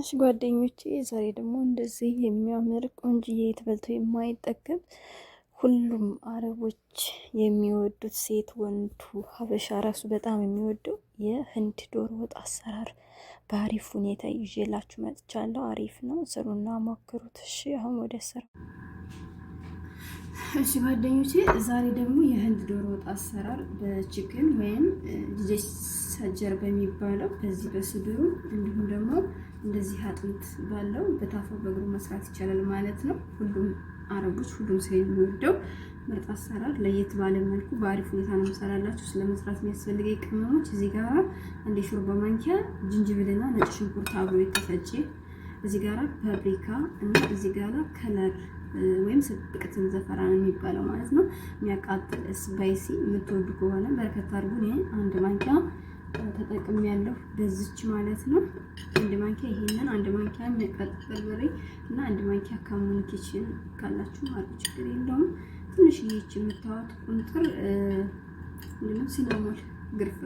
እሺ ጓደኞቼ ዛሬ ደግሞ እንደዚህ የሚያምር ቆንጅዬ የተበልቶ የማይጠገብ ሁሉም አረቦች የሚወዱት ሴት ወንዱ ሀበሻ ራሱ በጣም የሚወደው የህንድ ዶሮ ወጥ አሰራር በአሪፍ ሁኔታ ይዤላችሁ መጥቻለሁ። አሪፍ ነው፣ ስሩና ሞክሩት። እሺ አሁን ወደ ስራ። እሺ ጓደኞቼ ዛሬ ደግሞ የህንድ ዶሮ ወጥ አሰራር በችክን ወይም ልጅ ሰጀር በሚባለው በዚህ በስድሩ እንዲሁም ደግሞ እንደዚህ አጥንት ባለው በታፋ በእግሩ መስራት ይቻላል ማለት ነው። ሁሉም አረቦች ሁሉም ሰው የሚወደው ምርጥ አሰራር ለየት ባለ መልኩ በአሪፍ ሁኔታ ነው የምሰራላችሁ። ስለመስራት የሚያስፈልገ የሚያስፈልገኝ ቅመሞች እዚህ ጋር አንድ የሾርባ ማንኪያ ጅንጅብልና ነጭ ሽንኩርት አብሮ የተፈጨ እዚህ ጋራ ፓፕሪካ እና እዚህ ጋራ ከለር ወይም ስብቅትን ዘፈራ ነው የሚባለው ማለት ነው። የሚያቃጥል ስፓይሲ የምትወዱ ከሆነ በርከት አድርጉ። ይህን አንድ ማንኪያ ተጠቅም ያለው በዝች ማለት ነው። አንድ ማንኪያ ይሄንን አንድ ማንኪያ ነቀጥ በርበሬ እና አንድ ማንኪያ ካሙን ኪችን ካላችሁ ማለት ችግር የለውም። ትንሽ ይህች የምታወት ቁንጥር ምንድነው ሲናሞል ግርፍ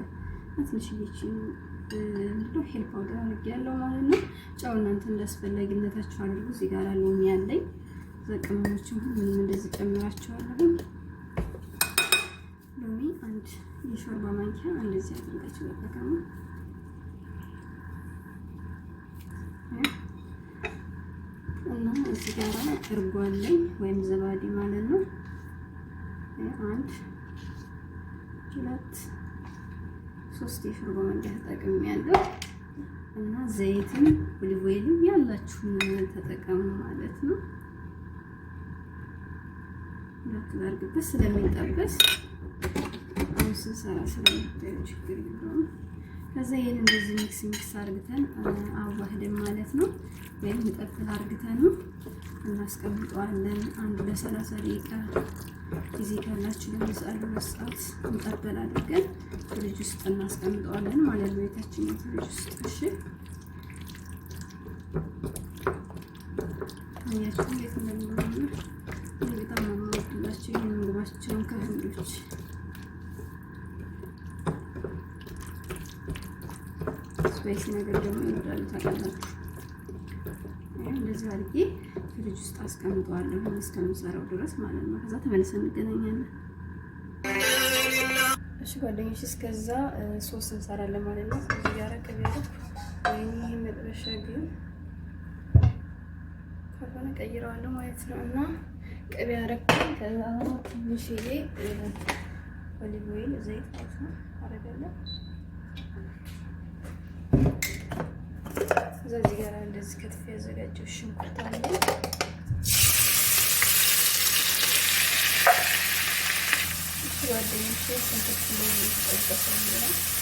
ትንሽ ይህች ምንድነው ሄል ፓውደር አድርግ ያለው ማለት ነው። ጨው እናንተ እንዳስፈላጊነታችሁ አድርጉ። እዚህ ጋር ሎሚ ያለኝ ዘቅመሞችን ምንም እንደዚህ ጨምራቸዋለሁ። ሎሚ አንድ የሾርባ ማንኪያ እንደዚህ አድርጋችሁ ተጠቀሙ። እና እዚህ ጋር እርጎ አለኝ ወይም ዘባዴ ማለት ነው። አንድ ሁለት ሶስት የሾርባ ማንኪያ ተጠቅም ያለው እና ዘይትም ኦሊቭ ኦይልም ያላችሁን ተጠቀሙ ማለት ነው። ሁለት ጋር ግብስ ስለሚጠበስ ስንሰራ ስለምታዩ ችግር የለውም። ከዛ ይህን እንደዚህ ሚክስ ሚክስ አርግተን አዋህደን ማለት ነው፣ ወይም ንጠፍል አርግተን እናስቀምጠዋለን። አንዱ ለሰላሳ ደቂቃ ጊዜ ካላችሁ ለምሳ ሁለት እንጠበል አድርገን ፍሪጅ ውስጥ እናስቀምጠዋለን ማለት ነው። ቤታችን ፍሪጅ ውስጥ እሺ። ያችሁ ቤት እንደሚሆነ በጣም ማማወድላቸው የምግባቸውን ከህንዶች ስፓይሲ ነገር ደግሞ ይወዳሉ ታውቃላችሁ። እንደዚህ አድርጌ ፍሪጅ ውስጥ አስቀምጠዋለሁ እስከምሰራው ድረስ ማለት ነው። ከዛ ተመልሰን እንገናኛለን። እሺ ጓደኞች፣ እስከዛ ሶስት እንሰራለን ማለት ነው። ከዚህ ጋር ቀያሉት ወይም ይህ መጥበሻ ግን ከሆነ ቀይረዋለሁ ማለት ነው። እና ቅቤ አረግኩኝ። ከዛ ትንሽዬ ኦሊቭ ወይል ዘይት አረጋለሁ እዛ እዚህ ጋር እንደዚህ ከትፍ ያዘጋጀው ሽንኩርት አለ። ጓደኞቼ ሽንኩርት እንደዚህ ይጠበሳል።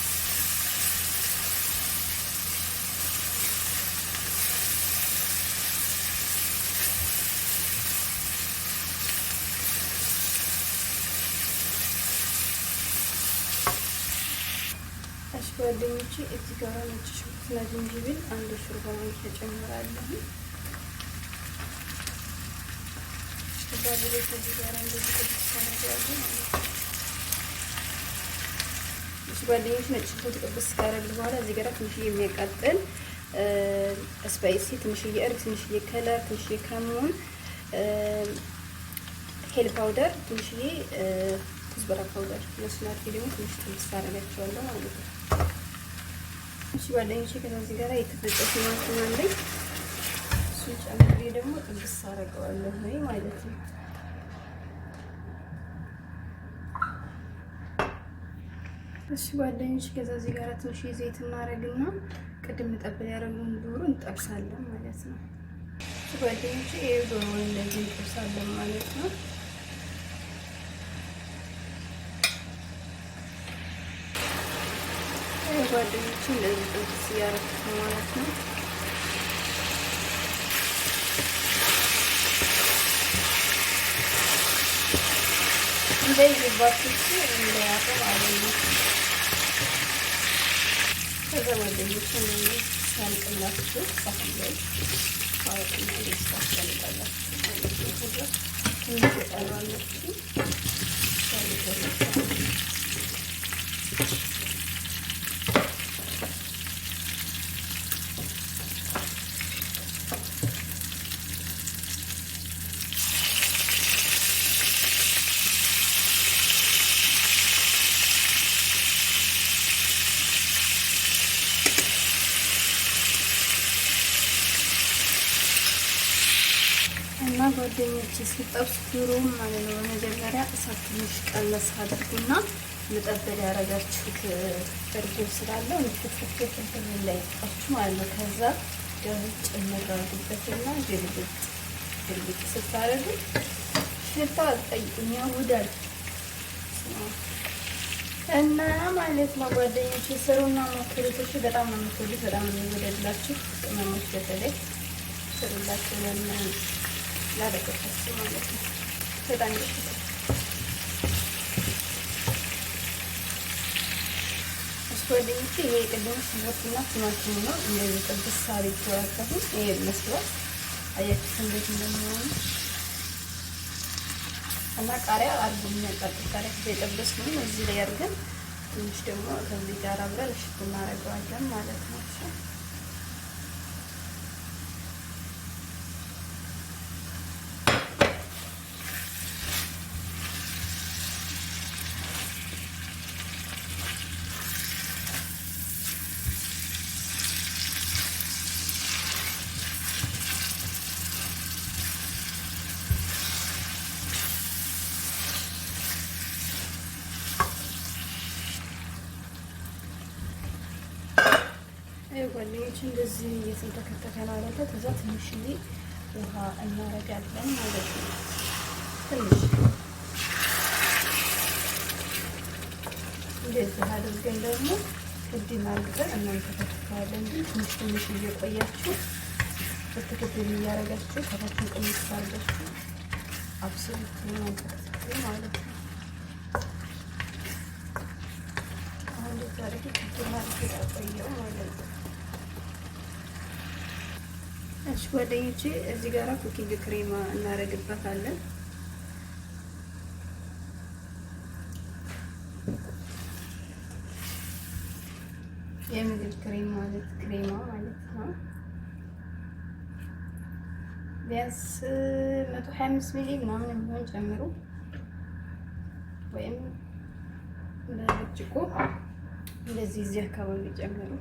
እሺ ጓደኞች፣ እዚህ ጋር ነጭ ሽንኩርትና ዝንጅብል አንድ ሹርባ ላይ ተጨምራለሁ። እዛ ብሎ ከዚህ ጋር እንደዚህ ተሰራጋለሁ እሺ ጓደኞች ነጭ ሽንኩርት ጥብስ ካረግ በኋላ እዚህ ጋር ትንሽ የሚያቃጥል ስፓይሲ፣ ትንሽ እርግ፣ ትንሽ የከለር፣ ትንሽ የከሙን፣ ሄል ፓውደር፣ ትንሽዬ ኩዝበራ ፓውደር መስናት ደግሞ ትንሽ ጥብስ አረጋቸዋለሁ ማለት ነው። እሺ ጓደኞቼ፣ ከዚህ ጋር የተፈጨ ቲማቲም አለኝ። እሱን ጨምሬ ደግሞ ጥብስ አደርገዋለሁ ወይ ማለት ነው። እሺ ከዛ እዚህ ጋር ትንሽ ዘይት እናደርግና ቅድም ጠበል ያደረገውን ዶሮ እንጠብሳለን ማለት ነው። ጓደኞቼ፣ ይሄ ዶሮ እንደዚህ እንጠብሳለን ማለት ነው። ጓደኞች እንደዚህ ጥንቅስ እያደረኩት ነው ማለት ነው። እንደዚህ ባትቺ እንዳያጠብ አለኝ። ከዛ ጓደኞች ሳልቅላችሁ ሳህን ላይ ማለት ነው። ከዛ ትንሽ የጠራላችሁ ጓደኞች ሲጠብስ ዶሮውን ማለት ነው። በመጀመሪያ እሳት ትንሽ ቀነስ አድርጉና መጠበል ያደረጋችሁት እርጎ ስላለው ንፍትፍት እንትን እንዳይጠፋችሁ ማለት ነው። ከዛ ደቡብ ጭምር አድርጉበትና ግልብጥ ግልብጥ ስታደርጉ ሽታ አልጠይቁኝ ያውዳል እና ማለት ነው። ጓደኞች ስሩና ሞክሩቶች። በጣም ነው የምትወዱት፣ በጣም ነው የሚወደድላችሁ። ቅመሞች በተለይ ስሩላችሁ ለምን ላደረገች ማለት ነው። በጣም ይሽታል። እስወደኝቼ ይሄ ቅድም ሽንኩርትና ቲማቲም ነው። እንደዚህ ጥብስ አድርጌዋለሁ። ይሄ ይመስላል። አያችሁት እንዴት እንደሚሆኑ እና ቃሪያ አርጉም የሚያቃጥል ቃሪያ የጠበስ ነው። እዚህ ላይ አድርገን ትንሽ ደግሞ ከዚህ ጋር አብረን እሽት እናደርገዋለን ማለት ነው። ጓደኞች እንደዚህ እየተንተከተከ ማለት ከዛ ትንሽዬ ውሃ እናረጋለን ማለት ነው። ትንሽ እንደዚህ አድርገን ደግሞ ቅድም አድርገን እናንተከተከዋለን። ግን ትንሽ ትንሽ እየቆያችሁ በትክክል እያረጋችሁ ከታችን ቅንስ አድርጋችሁ አብሶሉት ማለት ነው። አሁን ዛሬ ቅድም አድርገን ቆየው ማለት ነው። እሺ ጓደኞቼ እዚህ ጋራ ኩኪንግ ክሬም እናደርግበታለን። የምግብ ክሬም ማለት ክሬማ ማለት ነው። ቢያንስ መቶ ሚሊ ምናምን የሚሆን ጨምሩ ወይም በብርጭቆ እንደዚህ እዚህ አካባቢ ጨምሩ።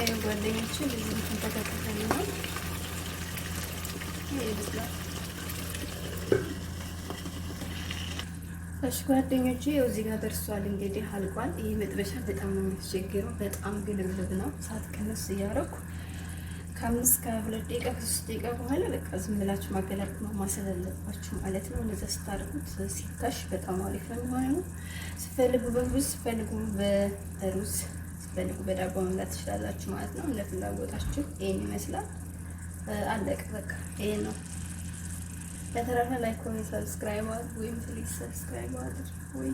የምታዩ ጓደኞችን እዚህ ተከተል ነው ይመስላል። እሺ ጓደኞቼ ያው እዚህ ጋር ደርሷል። እንግዲህ አልቋል። ይህ መጥበሻ በጣም ነው የሚያስቸግረው። በጣም ግልብልብ ነው። ሰዓት ቅንስ እያደረኩ ከአምስት ከሁለት ደቂቃ ከሶስት ደቂቃ በኋላ በቃ ዝም ብላችሁ ማገላበጥ ማማሰል አለባችሁ ማለት ነው። እነዛ ስታርጉት ሲታሽ በጣም አሪፍ ነው የሚሆነው። ስፈልጉ በሩዝ ስፈልጉ በሩዝ ስትፈልጉ በዳቦ መብላት ትችላላችሁ ማለት ነው። እንደ ፍላጎታችሁ ይህን ይመስላል። አለቀ በቃ ይሄ ነው። በተረፈ ላይክ፣ ኮሜንት፣ ሰብስክራይብ ወይም ፕሊዝ ሰብስክራይብ አድርጉ ወይ